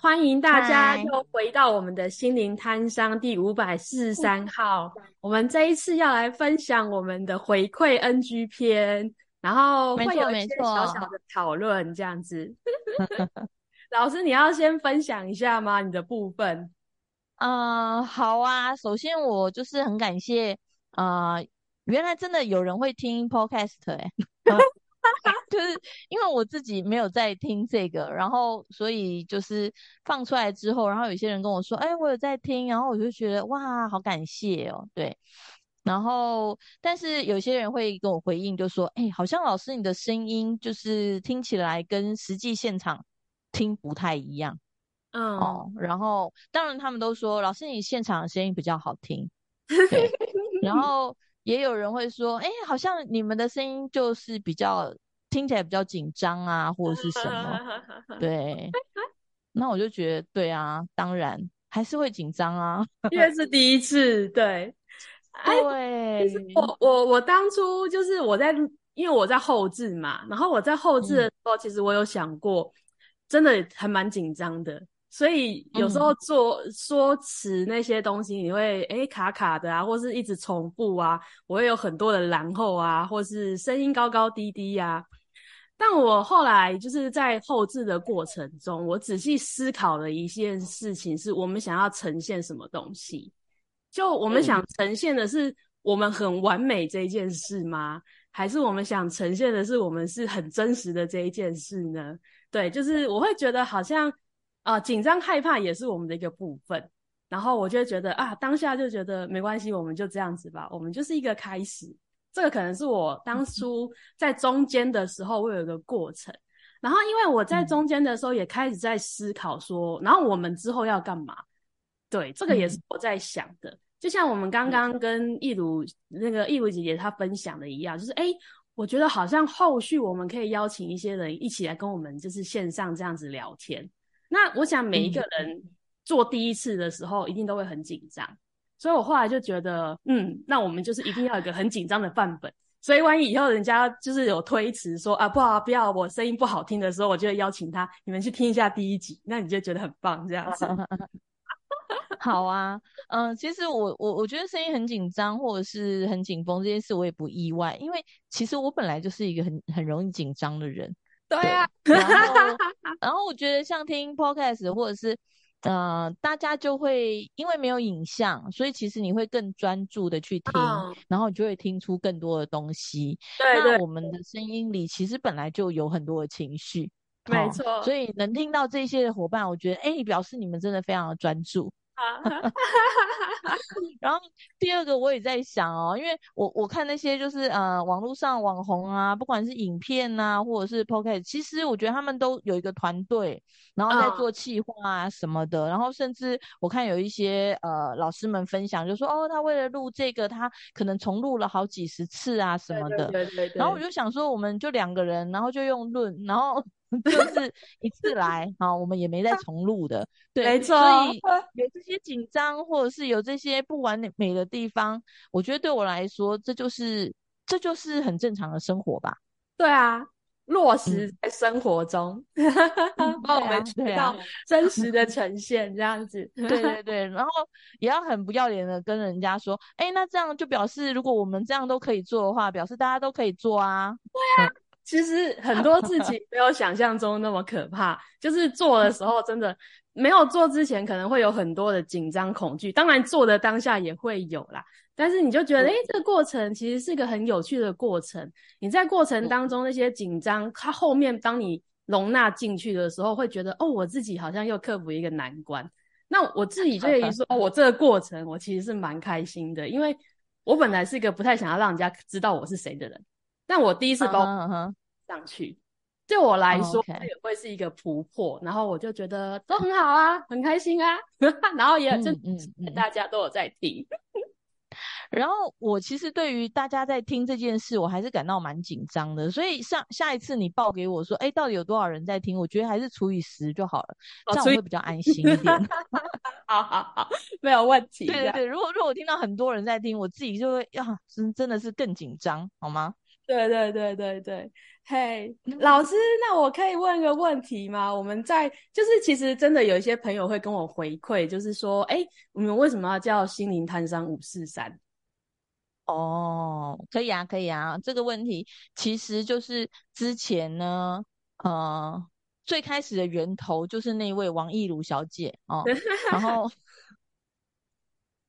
歡迎大家又回到我們的心靈攤商第五百四十三號，Hi。我們這一次要來分享我們的回饋 NG 篇，然後會有一些小小的討論這樣子。沒錯、沒錯。 老師，你要先分享一下嗎？你的部分？嗯、呃，好啊。首先，我就是很感謝啊，呃，原來真的有人會聽 Podcast 哎，欸。 就是因為我自己沒有在聽這個，然後所以就是放出來之後，然後有些人跟我說：“欸，我有在聽。”然後我就覺得哇，好感謝哦。對，然後但是有些人會跟我回應，就說：“欸，好像老師你的聲音就是聽起來跟實際現場聽不太一樣。”嗯，哦，然後當然他們都說老師你現場的聲音比較好聽。 然後。也有人會說，哎、欸，好像你們的聲音就是比較聽起來比較緊張啊，或者是什麼？ 對，那我就覺得，對啊，當然還是會緊張啊， 因為是第一次。對，對、哎、其實我我我當初就是我在因為我在後製嘛，然後我在後製的時候、嗯，其實我有想過，真的還蠻緊張的。所以有時候做、嗯、說辭那些東西，你會誒、欸、卡卡的啊，或是一直重複啊，我會有很多的然後啊，或是聲音高高低低呀、啊。但我後來就是在後製的過程中，我仔細思考了一件事情是：我們想要呈現什麼東西？就我們想呈現的是我們很完美這一件事嗎？還是我們想呈現的是我們是很真實的這一件事呢？對，就是我會覺得好像。啊、呃，緊張害怕也是我們的一個部分。然後我就覺得啊，當下就覺得沒關係，我們就這樣子吧，我們就是一個開始。這個可能是我當初在中間的時候，會有一個過程、嗯。然後因為我在中間的時候，也開始在思考說，嗯、然後我們之後要幹嘛？對，這個也是我在想的。嗯、就像我們剛剛跟易如那個易如姐姐她分享的一樣，就是誒、欸，我覺得好像後續我們可以邀請一些人一起來跟我們，就是線上這樣子聊天。那我想每一個人做第一次的時候，一定都會很緊張、嗯，所以我後來就覺得，嗯，那我們就是一定要有一個很緊張的範本， 所以萬一以後人家就是有推辭說啊，不好、啊，不要、啊、我聲音不好聽的時候，我就邀請他，你們去聽一下第一集，那你就覺得很棒，這樣子。 好啊，嗯、呃，其實我我我覺得聲音很緊張或者是很緊繃這件事，我也不意外，因為其實我本來就是一個很很容易緊張的人。對呀、啊。對 然後我覺得像聽 Podcast 或者是，呃，大家就會因為沒有影像，所以其實你會更專注的去聽，哦、然後你就會聽出更多的東西。對，對，那我們的聲音裡其實本來就有很多的情緒，哦、沒錯。所以能聽到這些的夥伴，我覺得，哎，表示你們真的非常的專注。 然後第二個我也在想哦，因為我我看那些就是呃網絡上網紅啊，不管是影片啊，或者是 Podcast，其實我覺得他們都有一個團隊，然後在做企劃啊什麼的。Uh. 然後甚至我看有一些呃老師們分享就，就說哦，他為了錄這個，他可能重錄了好幾十次啊什麼的。對對對對對。然後我就想說，我們就兩個人，然後就用論，然後。 就是一次來，我們也沒再重錄的， 對，沒錯。所以有這些緊張，或者是有這些不完美的地方，我覺得對我來說，這就是這就是很正常的生活吧。對啊，落實在生活中，把我們做到真實的呈現，這樣子。對啊，對啊，對啊， 對對對，然後也要很不要臉的跟人家說，哎、 欸，那這樣就表示，如果我們這樣都可以做的話，表示大家都可以做啊。對啊。嗯 其實很多事情沒有想象中那麼可怕， 就是做的時候真的沒有做之前可能會有很多的緊張恐懼，當然做的當下也會有啦。但是你就覺得，哎、 欸，這個過程其實是一個很有趣的過程。你在過程當中那些緊張，它 後面當你容納進去的時候，會覺得哦，我自己好像又克服一個難關。那我自己就可以說，哦，我這個過程我其實是蠻開心的，因為我本來是一個不太想要讓人家知道我是誰的人。但我第一次報、uh -huh -huh. 上去，對我來說、uh -huh. 我也會是一個突破。Okay. 然後我就覺得都很好啊， 很開心啊， 然後也就、嗯嗯嗯、大家都有在聽。 然後我其實對於大家在聽這件事，我還是感到蠻緊張的。所以上下一次你報給我說，哎、欸，到底有多少人在聽？我覺得還是除以十就好了，oh, 這樣我會比較安心一點。 好好好，沒有問題。對對對， 如果如果我聽到很多人在聽，我自己就會呀，真、啊、真的是更緊張，好嗎？對對對對對，嘿、hey，老師，那我可以問個問題嗎？我們在就是其實真的有一些朋友會跟我回饋，就是說，誒、欸，你們為什麼要叫心靈攤商五四三？哦，可以啊，可以啊，這個問題其實就是之前呢，呃，最開始的源頭就是那位王藝如小姐哦， 然後。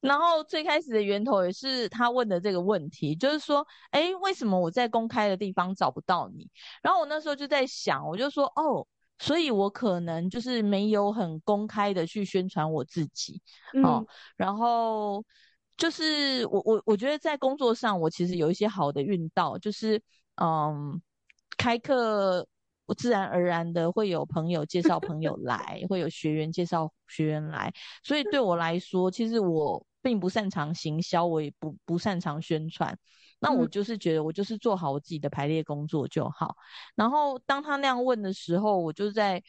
然後最開始的源頭也是他問的這個問題，就是說，哎，為什麼我在公開的地方找不到你？然後我那時候就在想，我就說，哦，所以我可能就是沒有很公開的去宣傳我自己，哦，嗯，然後就是我我我覺得在工作上我其實有一些好的運道，就是嗯，開課。我自然而然的會有朋友介紹朋友來， 會有學員介紹學員來，所以對我來說，其實我並不擅長行銷，我也不不擅長宣傳。那我就是覺得，我就是做好我自己的排列工作就好。然後當他那樣問的時候，我就在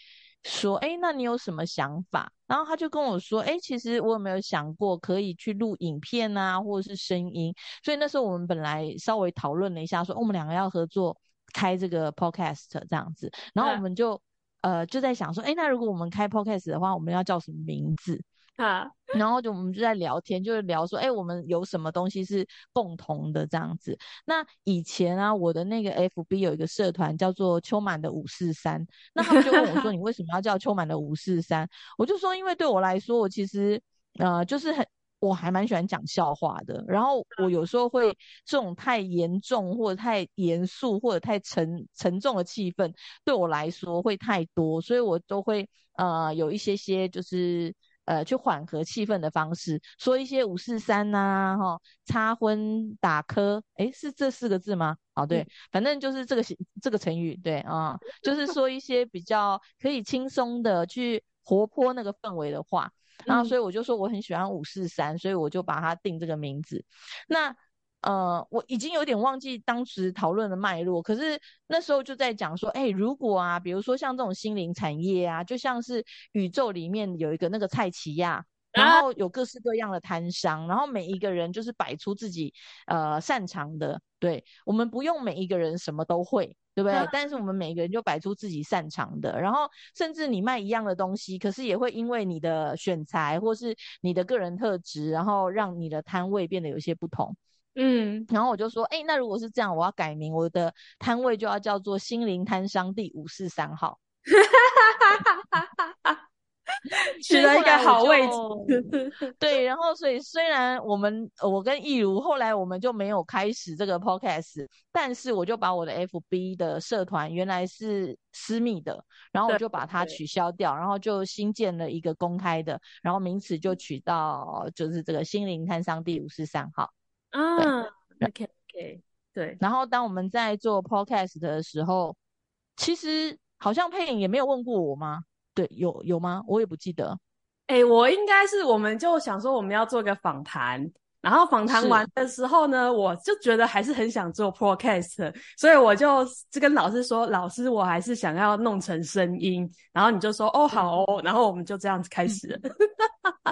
說：“誒，那你有什麼想法？”然後他就跟我說：“誒，其實我有沒有想過可以去錄影片啊，或者是聲音？”所以那時候我們本來稍微討論了一下說，哦，我們兩個要合作。開這個 Podcast 這樣子，然後我們就、uh. 呃就在想說，哎、欸，那如果我們開 Podcast 的話，我們要叫什麼名字啊？Uh. 然後就我們就在聊天，就是聊說，哎、欸，我們有什麼東西是共同的這樣子。那以前啊，我的那個 FB 有一個社團叫做“秋滿的五四三”，那他們就問我說：“你為什麼要叫‘秋滿的五四三’？”我就說：“因為對我來說，我其實呃就是很。”我還蠻喜歡講笑話的，然後我有時候會這種太嚴重或者太嚴肅或者太沉沉重的氣氛對我來說會太多，所以我都會呃有一些些就是呃去緩和氣氛的方式，說一些五四三吶、啊、哈、哦、插諢打科，哎，是這四個字嗎？哦對、嗯，反正就是這個這個成語對啊、哦，就是說一些比較可以輕鬆的去活潑那個氛圍的話。然後所以我就說我很喜歡五四三，所以我就把它定這個名字。那呃，我已經有點忘記當時討論的脈絡，可是那時候就在講說，哎、欸，如果啊，比如說像這種心靈產業啊，就像是宇宙裡面有一個那個菜市仔，然後有各式各樣的攤商、啊，然後每一個人就是擺出自己呃擅長的，對，我們不用每一個人什麼都會。對不對？但是我們每個人就擺出自己擅長的、嗯，然後甚至你賣一樣的東西，可是也會因為你的選材或是你的個人特質，然後讓你的攤位變得有些不同。嗯，然後我就說，哎、欸，那如果是這樣，我要改名，我的攤位就要叫做“心靈攤商第五四三號。” 取了個好位置， 對，然後所以雖然我們我跟易如後來我們就沒有開始這個 podcast，但是我就把我的 fb 的社團原來是私密的，然後我就把它取消掉，對對對，然後就新建了一個公開的，然後名詞就取到就是這個心靈攤商第五四三號啊，OK OK，對，然後當我們在做 podcast 的時候，其實好像佩穎也沒有問過我嗎？對，有有嗎？我也不記得。哎、欸，我應該是，我們就想說我們要做個訪談，然後訪談完的時候呢，我就覺得還是很想做 podcast，所以我就就跟老師說：“老師，我還是想要弄成聲音。”然後你就說：“哦，好哦。”然後我們就這樣子開始了。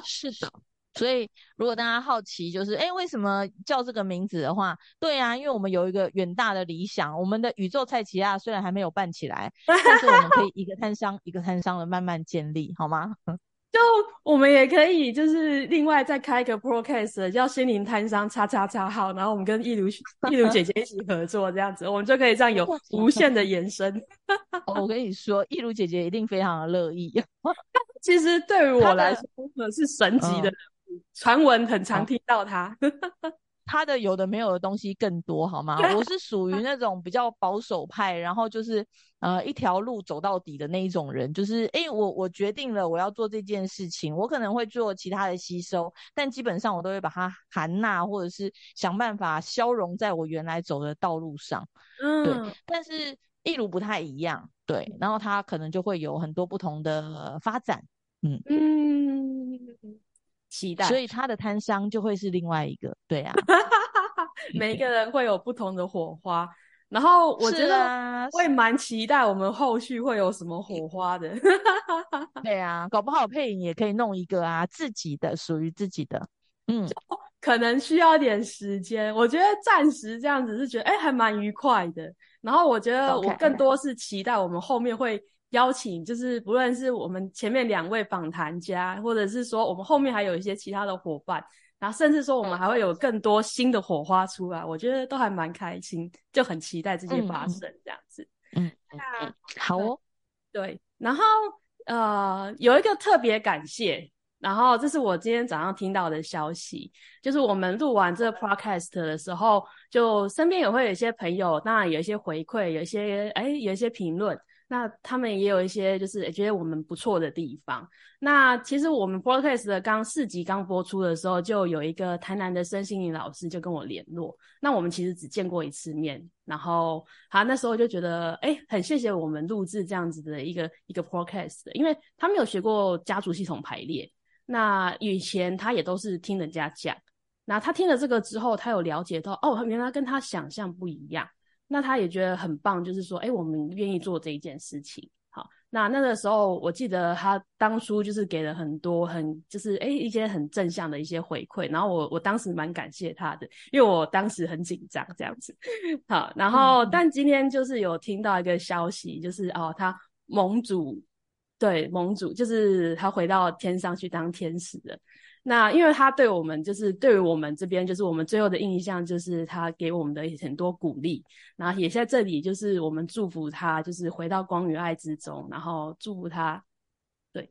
是的。所以，如果大家好奇，就是誒、欸、為什麼叫這個名字的話，對啊，因為我們有一個遠大的理想。我們的宇宙蔡奇亞雖然還沒有辦起來，但是我們可以一個攤商 一個攤商的慢慢建立，好嗎？就我們也可以，就是另外再開一個 podcast 叫心靈攤商叉叉叉號，然後我們跟易如易如姐姐一起合作，這樣子， 我們就可以這樣有無限的延伸、 哦。我跟你說，易如姐姐一定非常的樂意。 其實對於我來說，真的是神奇的。嗯傳聞很常聽到他、啊， 他的有的沒有的東西更多，好嗎？我是屬於那種比較保守派， 然後就是呃一條路走到底的那一種人，就是誒、欸，我我決定了我要做這件事情，我可能會做其他的吸收，但基本上我都會把它含納，或者是想辦法消融在我原來走的道路上。嗯，但是一路不太一樣，對，然後他可能就會有很多不同的發展。嗯嗯。期待，所以他的攤商就會是另外一個，對啊， 每一個人會有不同的火花。然後我覺得會蠻期待我們後續會有什麼火花的， 對啊，搞不好配音也可以弄一個啊，自己的屬於自己的，嗯，可能需要一點時間。我覺得暫時這樣子是覺得哎、欸、還蠻愉快的。然後我覺得我更多是期待我們後面會。邀請就是，不論是我們前面兩位訪談家，或者是說我們後面還有一些其他的夥伴，然後甚至說我們還會有更多新的火花出來，我覺得都還蠻開心，就很期待這些發生這樣子。嗯，那、啊嗯嗯嗯嗯嗯、好哦，對，然後呃有一個特別感謝，然後這是我今天早上聽到的消息，就是我們錄完這個 podcast 的時候，就身邊也會有一些朋友，當然有一些回饋，有一些哎，有一些評論。那他們也有一些就是覺得我們不錯的地方。那其實我們 podcast 的剛四集剛播出的時候，就有一個台南的身心靈老師就跟我聯絡。那我們其實只見過一次面，然後好那時候就覺得，哎、欸，很謝謝我們錄制這樣子的一個一個 podcast，因為他沒有學過家族系統排列。那以前他也都是聽人家講，那他聽了這個之後，他有了解到，哦，原來跟他想象不一樣。那他也覺得很棒，就是說，誒、欸，我們願意做這一件事情，好。那那個時候，我記得他當初就是給了很多很，就是誒、欸，一些很正向的一些回饋。然後我我當時蠻感謝他的，因為我當時很緊張這樣子。好，然後，嗯，但今天就是有聽到一個消息，就是哦，他盟主對盟主，就是他回到天上去當天使的。那因為他對我們，就是對於我們這邊，就是我們最後的印象，就是他給我們的很多鼓勵。然後也在這裡，就是我們祝福他，就是回到光與愛之中，然後祝福他。對，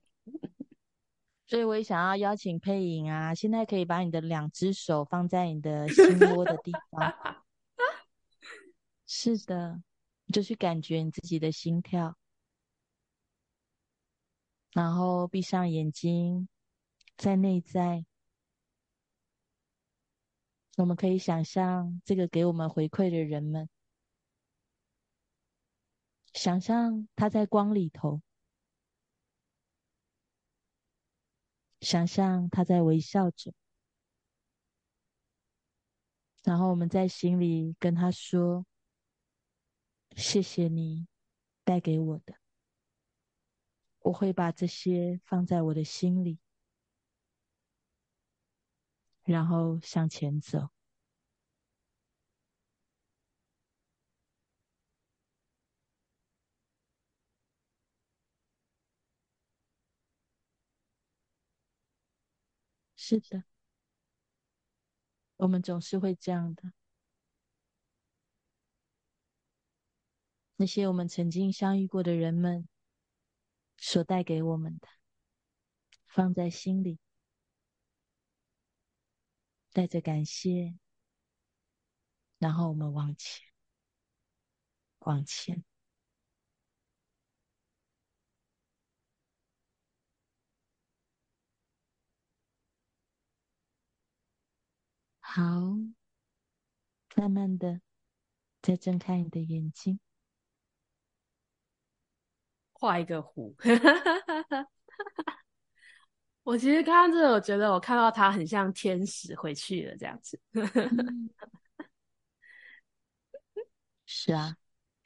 所以我也想要邀請配音啊。現在可以把你的兩隻手放在你的心窩的地方。 是的，你就去感覺你自己的心跳，然後閉上眼睛。在內在，我們可以想象這個給我們回饋的人們，想象他在光裡頭，想象他在微笑着，然後我們在心裡跟他說：“謝謝你帶給我的，我會把這些放在我的心裡。”然後向前走。是的，我們總是會這樣的。那些我們曾經相遇過的人們，所帶給我們的，放在心裡。帶着感謝，然後我們往前，往前，好，慢慢的再睜開你的眼睛，畫一個弧。 我其實剛剛，真的，我覺得我看到他很像天使回去了這樣子，嗯。 是啊，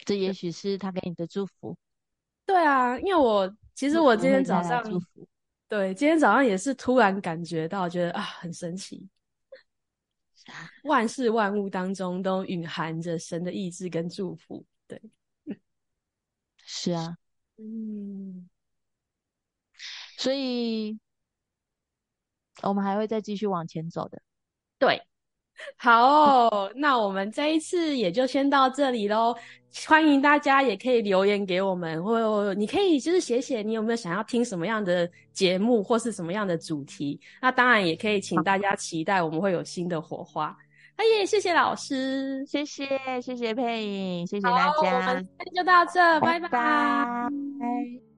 這也許是他給你的祝福。對啊，因為我其實我今天早上對，今天早上也是突然感覺到，覺得啊，很神奇，啊。萬事萬物當中都蘊含着神的意志跟祝福。對，是啊，嗯，所以。我們還會再繼續往前走的，對， 好、哦，那我們這一次也就先到這裡嘍。歡迎大家也可以留言給我們，或你可以就是寫寫你有沒有想要聽什麼樣的節目或是什麼樣的主題。那當然也可以請大家期待我們會有新的火花。哎 呀、hey, 謝謝老師，謝謝謝謝佩影，謝謝大家。我們今天就到這，拜拜。拜拜